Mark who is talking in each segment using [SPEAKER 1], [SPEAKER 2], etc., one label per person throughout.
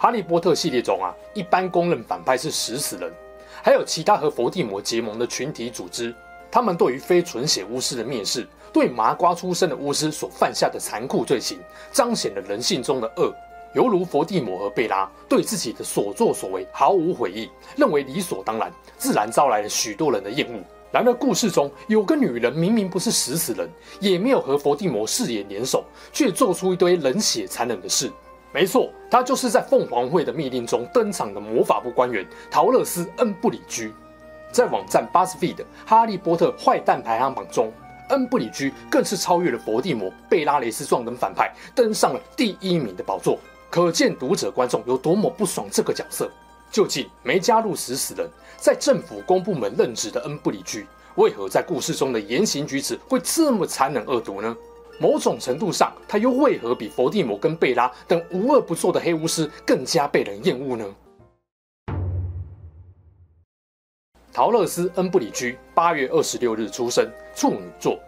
[SPEAKER 1] 《哈利波特》系列中啊，一般公認反派是食死人，還有其他和伏地魔結盟的群體組織。他們對於非純血巫師的蔑視，對麻瓜出身的巫師所犯下的殘酷罪行，彰顯了人性中的惡。猶如伏地魔和貝拉對自己的所作所為毫無悔意，認為理所當然，自然招來了許多人的厭惡。然而，故事中有個女人，明明不是食死人，也沒有和伏地魔誓言聯手，卻做出一堆冷血殘忍的事。沒錯，他就是在鳳凰會的密令中登場的魔法部官員桃樂絲·恩不里居，在網站 Buzzfeed《哈利波特》壞蛋排行榜中，恩不里居更是超越了佛地魔、貝拉雷斯壯等反派，登上了第一名的寶座。可見讀者觀眾有多麼不爽這個角色。究竟沒加入食死人、在政府公部門任職的恩不里居，為何在故事中的言行舉止會這麼殘忍惡毒呢？某種程度上，他又為何比佛地魔跟貝拉等無惡不作的黑巫師更加被人厭惡呢？桃樂絲·恩不里居，八月二十六日出生，處女座。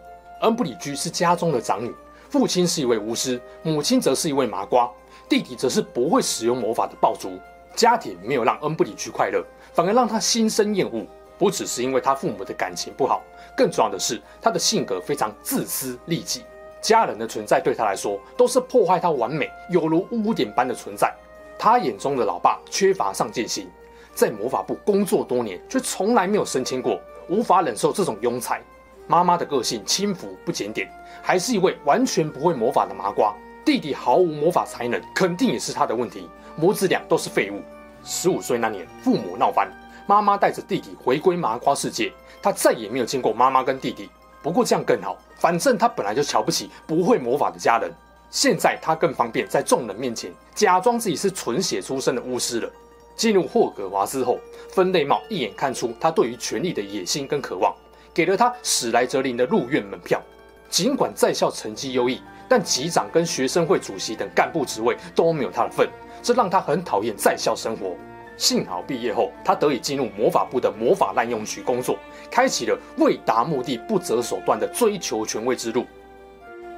[SPEAKER 1] 恩不里居是家中的長女，父親是一位巫師，母親則是一位麻瓜，弟弟則是不會使用魔法的爆竹。家庭沒有讓恩不里居快樂，反而讓她心生厭惡。不只是因為她父母的感情不好，更重要的是她的性格非常自私利己。家人的存在對他來說都是破壞他完美，有如污點般的存在。他眼中的老爸缺乏上進心，在魔法部工作多年卻從來沒有升遷過，無法忍受這種庸才。媽媽的個性輕浮不檢點，還是一位完全不會魔法的麻瓜。弟弟毫無魔法才能，肯定也是他的問題，母子倆都是廢物。十五歲那年，父母鬧翻，媽媽帶着弟弟回歸麻瓜世界，他再也沒有見過媽媽跟弟弟。不過這樣更好，反正他本來就瞧不起不會魔法的家人，現在他更方便在眾人面前假裝自己是純血出身的巫師了。進入霍格華茲後，分類帽一眼看出他對於權力的野心跟渴望，給了他史萊哲林的入院門票。儘管在校成績優異，但級長跟學生會主席等幹部職位都沒有他的份，這讓他很討厭在校生活。幸好畢業後，他得以進入魔法部的魔法濫用局工作，開啟了為達目的不擇手段的追求權威之路。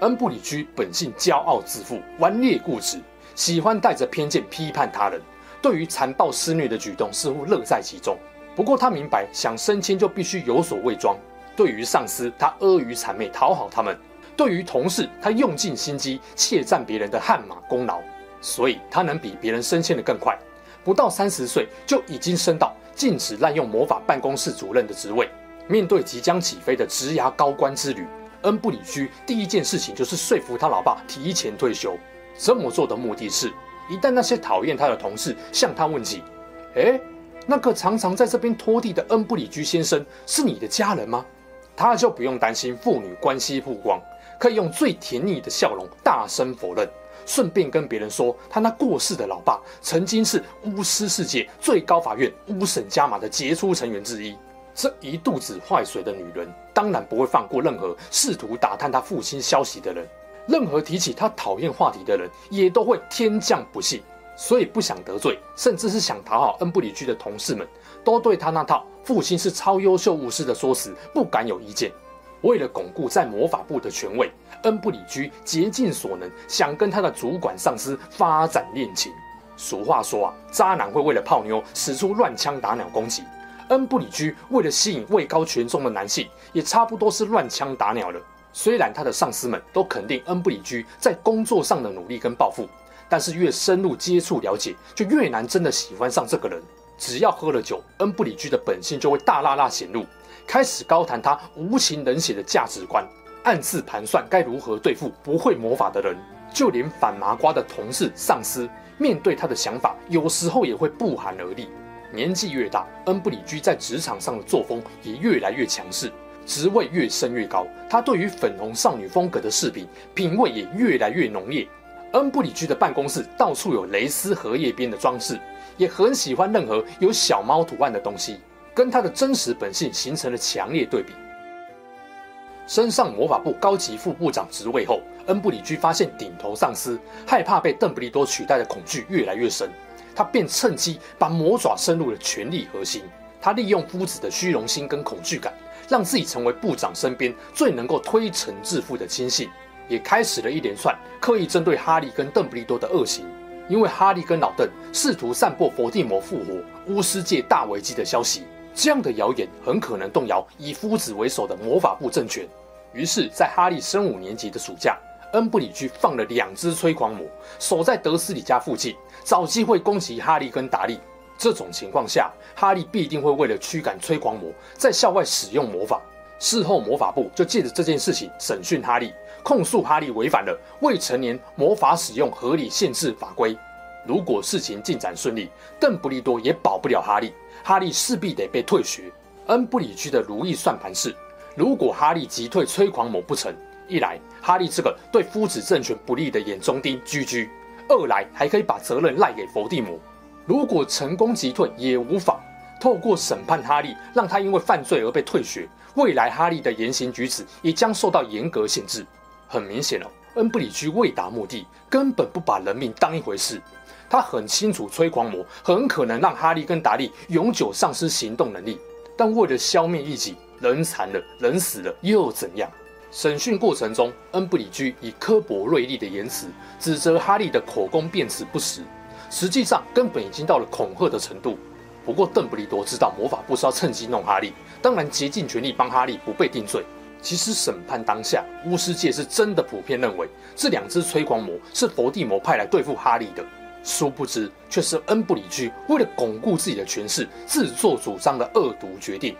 [SPEAKER 1] 恩不里居本性驕傲自負、頑劣固執，喜歡帶着偏見批判他人，對於殘暴施虐的舉動似乎樂在其中。不過他明白，想升遷就必須有所偽裝。對於上司，他阿諛諂媚討好他們；對於同事，他用盡心機竊占別人的汗馬功勞，所以他能比別人升遷得更快。不到三十歲就已經升到禁止濫用魔法辦公室主任的職位。面對即將起飛的職涯高官之旅，恩不里居第一件事情就是說服他老爸提前退休。這麼做的目的是，一旦那些討厭他的同事向他問起：“哎、欸，那個常常在這邊拖地的恩不里居先生是你的家人嗎？”他就不用擔心父女關係曝光。可以用最甜膩的笑容大聲否認，順便跟別人說他那過世的老爸曾經是巫師世界最高法院巫審加碼的傑出成員之一。這一肚子壞水的女人當然不會放過任何試圖打探他父親消息的人，任何提起他討厭話題的人也都會天降不幸。所以不想得罪，甚至是想討好恩不里居的同事們都對他那套父親是超優秀巫師的說辭不敢有意見。為了鞏固在魔法部的權位，恩不里居竭盡所能，想跟他的主管上司發展戀情。俗話說啊，渣男會為了泡妞使出亂槍打鳥攻擊。恩不里居為了吸引位高權重的男性，也差不多是亂槍打鳥了。雖然他的上司們都肯定恩不里居在工作上的努力跟抱負，但是越深入接觸了解，就越難真的喜歡上這個人。只要喝了酒，恩不里居的本性就會大喇喇顯露。開始高談他無情冷血的價值觀，暗自盤算該如何對付不會魔法的人，就連反麻瓜的同事上司，面對他的想法有時候也會不寒而慄。年紀越大，恩不里居在職場上的作風也越來越強勢，職位越升越高，他對於粉紅少女風格的飾品品味也越來越濃烈。恩不里居的辦公室到處有蕾絲荷葉邊的裝飾，也很喜歡任何有小貓圖案的東西。跟他的真實本性形成了強烈對比。升上魔法部高級副部長職位後，恩不里居發現頂頭上司害怕被鄧不利多取代的恐懼越來越深，他便趁機把魔爪伸入了權力核心。他利用夫子的虛榮心跟恐懼感，讓自己成為部長身邊最能夠推誠置腹的親信，也開始了一連串刻意針對哈利跟鄧不利多的惡行，因為哈利跟老鄧試圖散布佛地魔復活、巫師界大危機的消息。這樣的謠言很可能動搖以夫子為首的魔法部政權。於是，在哈利升五年級的暑假，恩不里居放了兩隻催狂魔，守在德思禮家附近，找機會攻擊哈利跟達力。這種情況下，哈利必定會為了驅趕催狂魔，在校外使用魔法。事後，魔法部就借着這件事情審訊哈利，控訴哈利違反了未成年魔法使用合理限制法規。如果事情進展順利，鄧不利多也保不了哈利，哈利勢必得被退學。恩不里居的如意算盤是，如果哈利擊退催狂魔不成，一來哈利這個對夫子政權不利的眼中釘、疽疽，二來還可以把責任賴給佛地魔。如果成功擊退也無妨，透過審判哈利，讓他因為犯罪而被退學，未來哈利的言行舉止也將受到嚴格限制。很明顯了、哦，恩不里居為達目的，根本不把人命當一回事。他很清楚，催狂魔很可能讓哈利跟達力永久喪失行動能力。但為了消滅異己，人殘了，人死了又怎樣？審訊過程中，恩不里居以刻薄銳利的言辭指責哈利的口供辯詞不實，實際上根本已經到了恐嚇的程度。不過鄧不利多知道魔法部是要趁機弄哈利，當然竭盡全力幫哈利不被定罪。其實審判當下，巫師界是真的普遍認為這兩只催狂魔是佛地魔派來對付哈利的。殊不知，卻是恩不里居為了鞏固自己的權勢，自作主張的惡毒決定。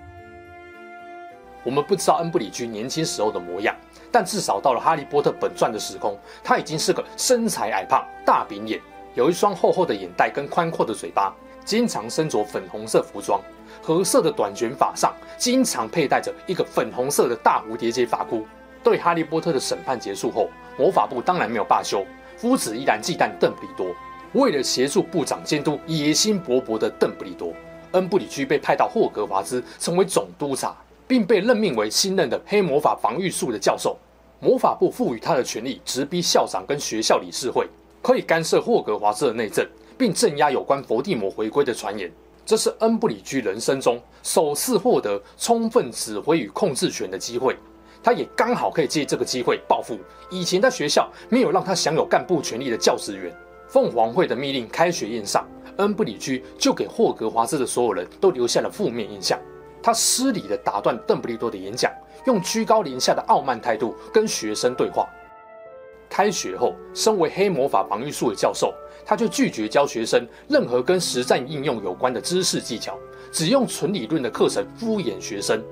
[SPEAKER 1] 我們不知道恩不里居年輕時候的模樣，但至少到了《哈利波特》本傳的時空，他已經是個身材矮胖、大餅臉，有一雙厚厚的眼袋跟寬闊的嘴巴，經常身着粉紅色服裝，褐色的短捲髮上經常佩戴着一個粉紅色的大蝴蝶結髮箍。對哈利波特的審判結束後，魔法部當然沒有罷休。夫子依然忌憚鄧布利多。為了協助部長監督野心勃勃的鄧布利多，恩布里居被派到霍格華茲成為總督察，並被任命為新任的黑魔法防禦術的教授。魔法部賦予他的權力直逼校長跟學校理事會，可以干涉霍格華茲的內政，並鎮壓有關伏地魔回歸的傳言。這是恩布里居人生中首次獲得充分指揮與控制權的機會。他也剛好可以借這個機會報復以前在學校沒有讓他享有幹部權力的教職員。鳳凰會的密令，開學宴上，恩不里居就給霍格華茲的所有人都留下了負面印象。他失禮地打斷鄧不利多的演講，用居高臨下的傲慢態度跟學生對話。開學後，身為黑魔法防禦術的教授，他就拒絕教學生任何跟實戰應用有關的知識技巧，只用純理論的課程敷衍學生。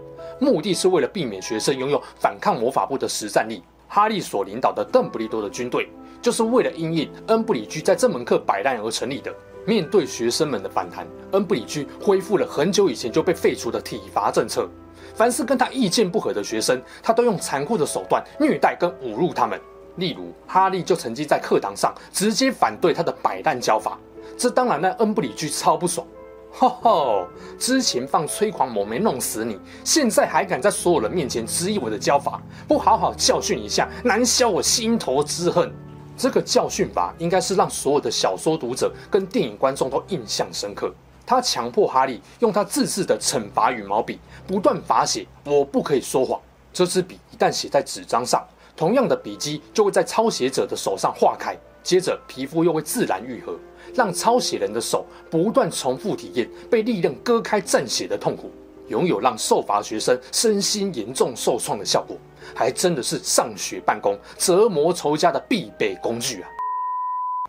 [SPEAKER 1] 目的是為了避免學生擁有反抗魔法部的實戰力。哈利所領導的鄧不利多的軍隊，就是為了因應恩不里居在這門課擺爛而成立的。面對學生們的反彈，恩不里居恢復了很久以前就被廢除的體罰政策。凡是跟他意見不合的學生，他都用殘酷的手段虐待跟侮辱他們。例如，哈利就曾經在課堂上直接反對他的擺爛教法，這當然讓恩不里居超不爽。吼吼！之前放催狂魔沒弄死你，現在還敢在所有人面前質疑我的教法，不好好教訓一下，難消我心頭之恨。這個教訓法應該是讓所有的小說讀者跟電影觀眾都印象深刻。他強迫哈利用他自制的懲罰羽毛筆不斷罰寫“我不可以說謊”。這支筆一旦寫在紙張上，同樣的筆跡就會在抄寫者的手上化開，接着皮膚又會自然癒合。讓抄寫人的手不斷重複體驗被利刃割開濺血的痛苦，擁有讓受罰學生身心嚴重受創的效果，還真的是上學辦公折磨仇家的必備工具啊！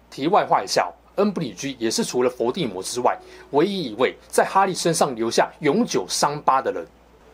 [SPEAKER 1] 題外話一下哦，恩不里居也是除了佛地魔之外唯一一位在哈利身上留下永久傷疤的人。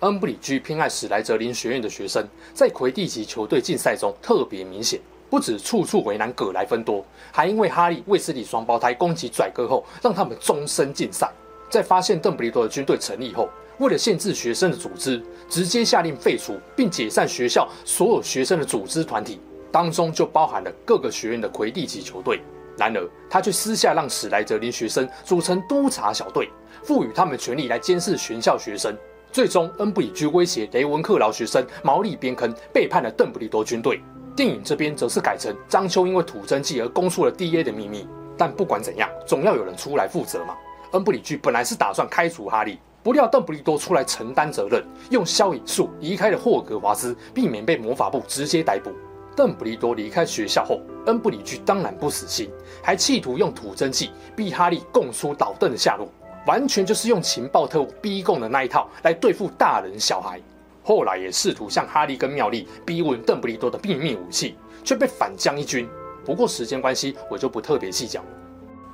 [SPEAKER 1] 恩不里居偏愛史萊哲林學院的學生，在魁地奇球隊競賽中特別明顯。不止處處為難葛萊芬多，還因為哈利衛斯理雙胞胎攻擊拽哥後，讓他們終身禁賽。在發現鄧不利多的軍隊成立後，為了限制學生的組織，直接下令廢除並解散學校所有學生的組織團體，當中就包含了各個學院的魁地奇球隊。然而，他卻私下讓史萊哲林學生組成督察小隊，賦予他們權力來監視全校學生。最終，恩不里居威脅雷文克勞學生毛利邊坑，背叛了鄧不利多軍隊。電影這邊則是改成張秋因為吐真劑，而供述了 D.A 的秘密，但不管怎樣，總要有人出來負責嘛。恩不里居本來是打算開除哈利，不料鄧不利多出來承擔責任，用消影術離開了霍格華茲，避免被魔法部直接逮捕。鄧不利多離開學校後，恩不里居當然不死心，還企圖用吐真劑逼哈利供出老鄧的下落，完全就是用情報特務逼供的那一套來對付大人小孩。後來也試圖向哈利跟妙麗逼問鄧布利多的秘密武器，卻被反將一軍。不過時間關係，我就不特別細講了。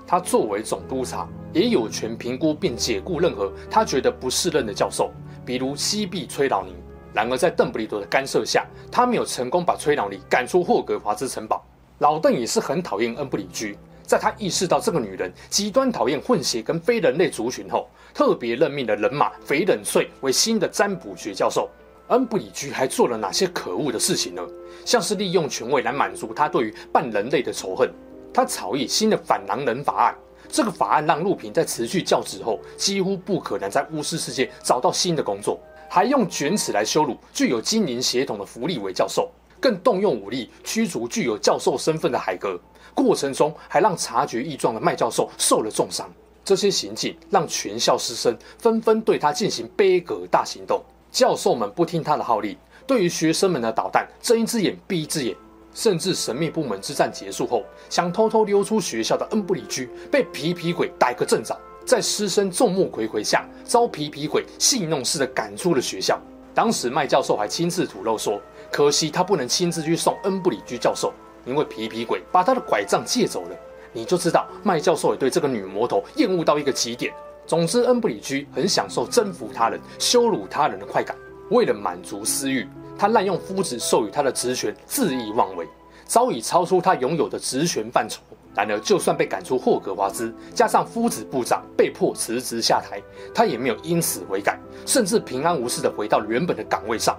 [SPEAKER 1] 他作為總督察，也有權評估並解僱任何他覺得不適任的教授，比如西比崔老尼。然而在鄧布利多的干涉下，他沒有成功把崔老尼趕出霍格華茲城堡。老鄧也是很討厭恩不里居，在他意識到這個女人極端討厭混血跟非人類族群後，特別任命了人馬翡冷翠為新的占卜學教授。恩不里居還做了哪些可惡的事情呢？像是利用權威來滿足他對於半人類的仇恨。他草擬新的反狼人法案，這個法案讓路平在辭去教職後幾乎不可能在巫師世界找到新的工作。還用捲尺來羞辱具有精靈血統的孚立維教授，更動用武力驅逐具有教授身份的海格。過程中還讓察覺異狀的麥教授受了重傷。這些行徑讓全校師生紛紛對他進行杯葛大行動。教授們不聽他的號令，對於學生們的搗蛋睜一隻眼閉一隻眼，甚至神秘部門之戰結束後，想偷偷溜出學校的恩不里居被皮皮鬼逮個正着，在師生眾目睽睽下，遭皮皮鬼戲弄似的趕出了學校。當時麥教授還親自吐露說，可惜他不能親自去送恩不里居教授，因為皮皮鬼把他的拐杖借走了。你就知道麥教授也對這個女魔頭厭惡到一個極點。總之，恩不里居很享受征服他人、羞辱他人的快感。為了滿足私欲，他濫用夫子授予他的職權，恣意妄為，早已超出他擁有的職權範疇。然而，就算被趕出霍格華茲，加上夫子部長被迫辭職下台，他也沒有因此悔改，甚至平安無事的回到原本的崗位上。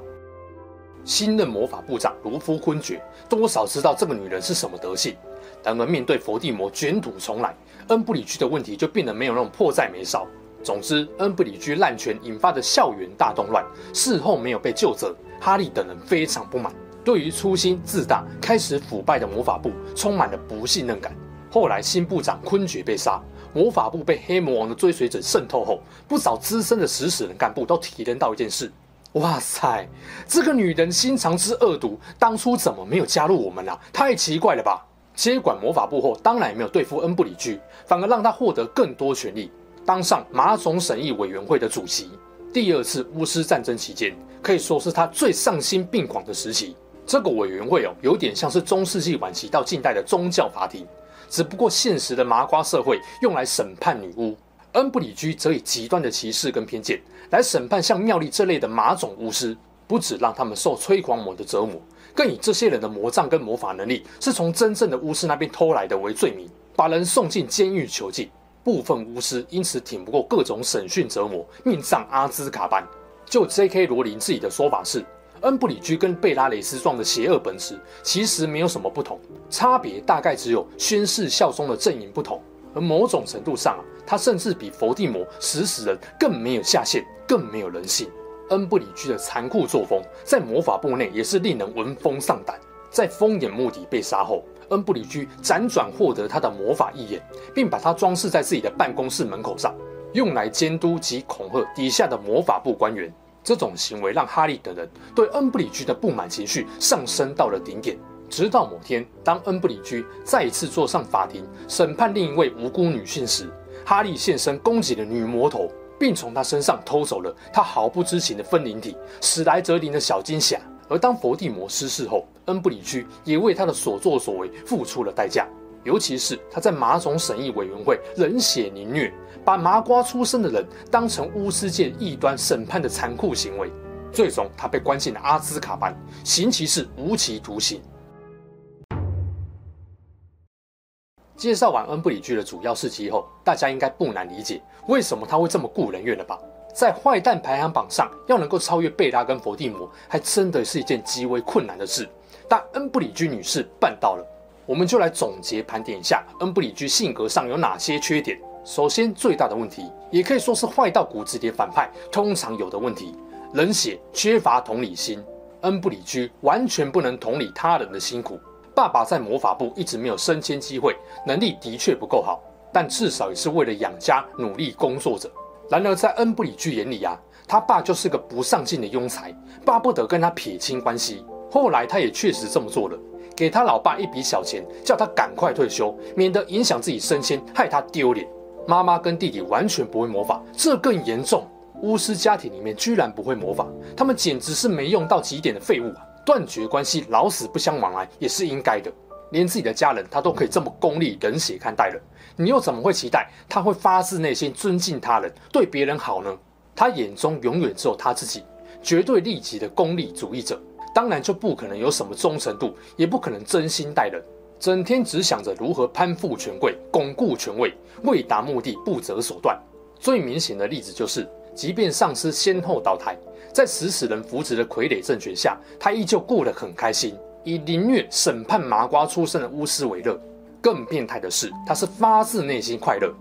[SPEAKER 1] 新任魔法部長盧夫昆爵，多少知道這個女人是什麼德性。當他們面對佛地魔捲土重來，恩不里居的問題就變得沒有那種迫在眉梢。總之，恩不里居濫權引發的校園大動亂，事後沒有被究責，哈利等人非常不滿，對於粗心自大、開始腐敗的魔法部充滿了不信任感。後來，新部長昆爵被殺，魔法部被黑魔王的追隨者滲透後，不少資深的食死人幹部都體認到一件事：哇塞，這個女人心腸之惡毒，當初怎麼沒有加入我們啊？太奇怪了吧！接管魔法部後，當然也沒有對付恩不里居，反而讓他獲得更多權力，當上麻種審議委員會的主席。第二次巫師戰爭期間，可以說是他最喪心病狂的時期。這個委員會哦，有點像是中世紀晚期到近代的宗教法庭，只不過現實的麻瓜社會用來審判女巫，恩不里居則以極端的歧視跟偏見來審判像妙麗這類的麻種巫師，不止讓他們受催狂魔的折磨。更以這些人的魔杖跟魔法能力是從真正的巫師那邊偷來的為罪名，把人送進監獄囚禁。部分巫師因此挺不過各種審訊折磨，命喪阿茲卡班。就 J.K. 羅琳自己的說法是，恩不里居跟貝拉雷斯壯的邪惡本質其實沒有什麼不同，差別大概只有宣誓效忠的陣營不同。而某種程度上、啊，他甚至比佛地魔食死、死人更沒有下限，更沒有人性。恩不里居的殘酷作風在魔法部內也是令人聞風喪膽。在瘋眼穆迪被殺後，恩不里居輾轉獲得他的魔法義眼，並把它裝飾在自己的辦公室門口上，用來監督及恐嚇底下的魔法部官員。這種行為讓哈利等人對恩不里居的不滿情緒上升到了頂點。直到某天，當恩不里居再一次坐上法庭審判另一位無辜女性時，哈利現身攻擊了女魔頭。並從他身上偷走了他毫不知情的分靈體史萊哲林，的小金匣。而當佛地魔失勢後，恩不里居也為他的所作所為付出了代價。尤其是他在麻種審議委員會冷血凌虐，把麻瓜出身的人當成巫師界異端審判的殘酷行為，最終他被關進了阿茲卡班，刑期是無期徒刑。介紹完恩不里居的主要事蹟以後，大家應該不難理解為什麼他會這麼顧人怨了吧？在壞蛋排行榜上，要能夠超越貝拉跟佛地魔，還真的是一件極為困難的事。但恩不里居女士辦到了，我們就來總結盤點一下恩不里居性格上有哪些缺點。首先，最大的問題，也可以說是壞到骨子裡的反派通常有的問題：冷血，缺乏同理心。恩不里居完全不能同理他人的辛苦。爸爸在魔法部一直沒有升遷機會，能力的確不夠好，但至少也是為了養家努力工作着。然而在恩不里居眼裡呀、啊，他爸就是個不上進的庸才，巴不得跟他撇清關係。後來他也確實這麼做了，給他老爸一筆小錢，叫他趕快退休，免得影響自己升遷，害他丟臉。媽媽跟弟弟完全不會魔法，這更嚴重。巫師家庭裡面居然不會魔法，他們簡直是沒用到極點的廢物啊！斷絕關係，老死不相往來也是應該的。連自己的家人，他都可以這麼功利、冷血看待了，你又怎麼會期待他會發自內心尊敬他人、對別人好呢？他眼中永遠只有他自己，絕對利己的功利主義者，當然就不可能有什麼忠誠度，也不可能真心待人，整天只想着如何攀附權貴、鞏固權位，為達目的不擇手段。最明顯的例子就是，即便上司先後倒台。在食死人扶持的傀儡政權下，他依舊過得很開心，以凌虐審判麻瓜出身的巫師為樂。更變態的是，他是發自內心快樂，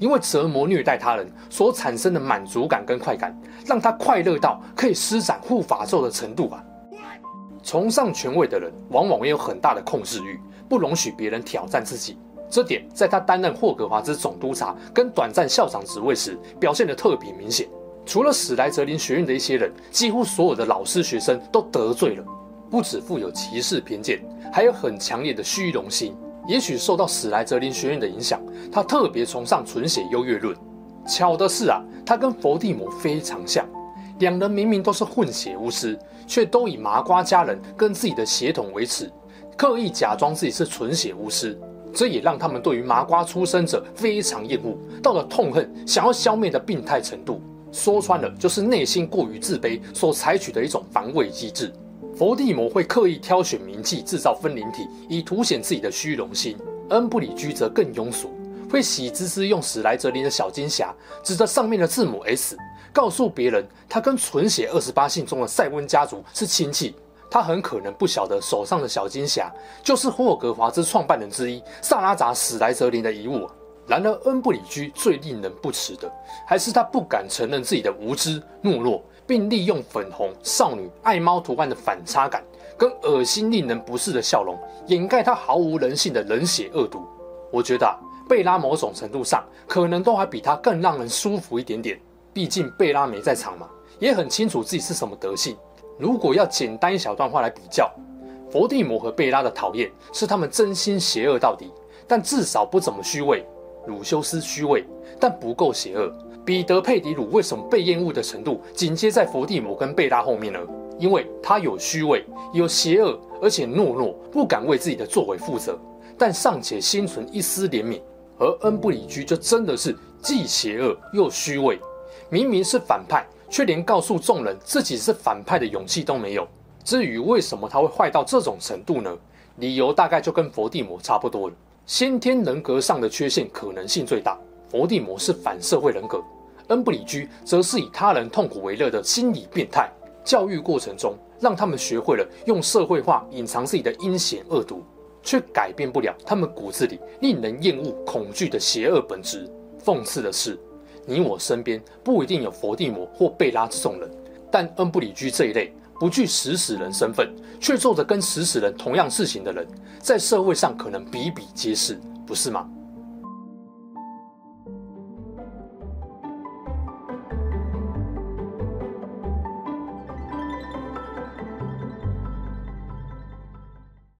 [SPEAKER 1] 因為折磨虐待他人所產生的滿足感跟快感，讓他快樂到可以施展護法咒的程度吧、啊。崇尚權威的人往往也有很大的控制欲，不容許別人挑戰自己。這點在他擔任霍格華茲總督察跟短暫校長職位時表現得特別明顯。除了史萊哲林學院的一些人，幾乎所有的老師、學生都得罪了。不只富有歧視偏見，還有很強烈的虛榮心。也許受到史萊哲林學院的影響，他特別崇尚純血優越論。巧的是啊，他跟佛地魔非常像，兩人明明都是混血巫師，卻都以麻瓜家人跟自己的血統為恥，刻意假裝自己是純血巫師。這也讓他們對於麻瓜出身者非常厭惡，到了痛恨、想要消滅的病態程度。說穿了，就是內心過於自卑所採取的一種防衛機制。伏地魔會刻意挑選名器制造分靈體，以凸顯自己的虛榮心。恩不里居則更庸俗，會喜滋滋用史萊哲林的小金匣指着上面的字母 S，告訴別人他跟純血二十八姓中的塞溫家族是親戚。他很可能不曉得手上的小金匣就是霍格華茲創辦人之一薩拉扎·史萊哲林的遺物。然而，恩不里居最令人不齒的，還是他不敢承認自己的無知、懦弱，並利用粉紅少女愛貓圖案的反差感跟惡心、令人不適的笑容，掩蓋他毫無人性的冷血惡毒。我覺得啊，貝拉某種程度上可能都還比他更讓人舒服一點點。畢竟貝拉沒在場嘛，也很清楚自己是什麼德性。如果要簡單一小段話來比較，佛地魔和貝拉的討厭是他們真心邪惡到底，但至少不怎麼虛偽。魯修斯虛偽，但不夠邪惡。彼得佩迪魯為什麼被厭惡的程度緊接在佛地魔跟貝拉後面呢？因為他有虛偽，有邪惡，而且懦弱，不敢為自己的作為負責，但尚且心存一絲憐憫。而恩不里居就真的是既邪惡又虛偽，明明是反派，卻連告訴眾人自己是反派的勇氣都沒有。至於為什麼他會壞到這種程度呢？理由大概就跟佛地魔差不多了。先天人格上的缺陷可能性最大。佛地魔是反社會人格，恩不里居則是以他人痛苦為樂的心理變態。教育過程中，讓他們學會了用社會化隱藏自己的陰險惡毒，卻改變不了他們骨子裡令人厭惡、恐懼的邪惡本質。諷刺的是，你我身邊不一定有佛地魔或貝拉這種人，但恩不里居這一類，不具食死人身份，卻做着跟食死人同樣事情的人，在社會上可能比比皆是，不是嗎？